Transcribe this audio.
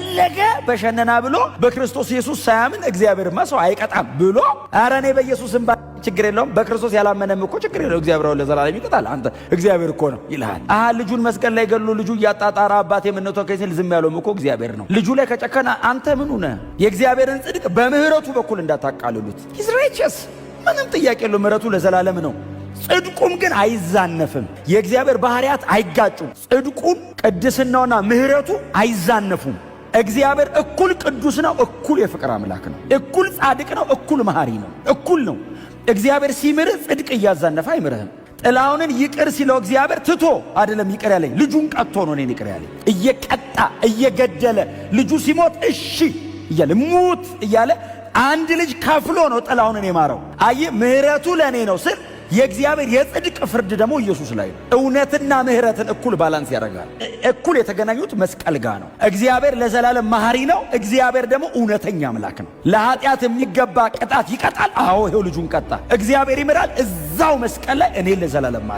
ፈለገ በሸነና ብሎ በክርስቶስ ኢየሱስ ሳያምን እግዚአብሔርማ ሰው አይቀጣም ብሎ ኧረ እኔ በኢየሱስም ችግር የለውም በክርስቶስ ያላመነም እኮ ችግር የለው እግዚአብሔር አሁን ለዘላለም ይቀጣል። አንተ እግዚአብሔር እኮ ነው ይልሃል። አሀ ልጁን መስቀል ላይ ገሉ ልጁ እያጣጣረ አባቴ የምነቶ ከሲል ዝም ያለውም እኮ እግዚአብሔር ነው። ልጁ ላይ ከጨከና አንተ ምኑ ነህ? የእግዚአብሔርን ጽድቅ በምህረቱ በኩል እንዳታቃልሉት። ሂዝ ራይቸስ ምንም ጥያቄ የለው። ምህረቱ ለዘላለም ነው። ጽድቁም ግን አይዛነፍም። የእግዚአብሔር ባህሪያት አይጋጩም። ጽድቁን ቅድስናውና ምህረቱ አይዛነፉም። እግዚአብሔር እኩል ቅዱስ ነው፣ እኩል የፍቅር አምላክ ነው፣ እኩል ጻድቅ ነው፣ እኩል መሐሪ ነው፣ እኩል ነው። እግዚአብሔር ሲምርህ ጽድቅ እያዛነፈ አይምርህም። ጥላውንን ይቅር ሲለው እግዚአብሔር ትቶ አደለም ይቅር ያለኝ ልጁን ቀጥቶ ነው እኔን ይቅር ያለኝ። እየቀጣ እየገደለ ልጁ ሲሞት እሺ እያለ ሙት እያለ አንድ ልጅ ከፍሎ ነው ጥላውንን የማረው። አየ ምህረቱ ለእኔ ነው ስል የእግዚአብሔር የጽድቅ ፍርድ ደግሞ ኢየሱስ ላይ ነው። እውነትና ምሕረትን እኩል ባላንስ ያደርጋል። እኩል የተገናኙት መስቀል ጋ ነው። እግዚአብሔር ለዘላለም መሐሪ ነው። እግዚአብሔር ደግሞ እውነተኛ አምላክ ነው። ለኃጢአት የሚገባ ቅጣት ይቀጣል። አዎ ይሄው ልጁን ቀጣ። እግዚአብሔር ይምራል። እዛው መስቀል ላይ እኔ ለዘላለም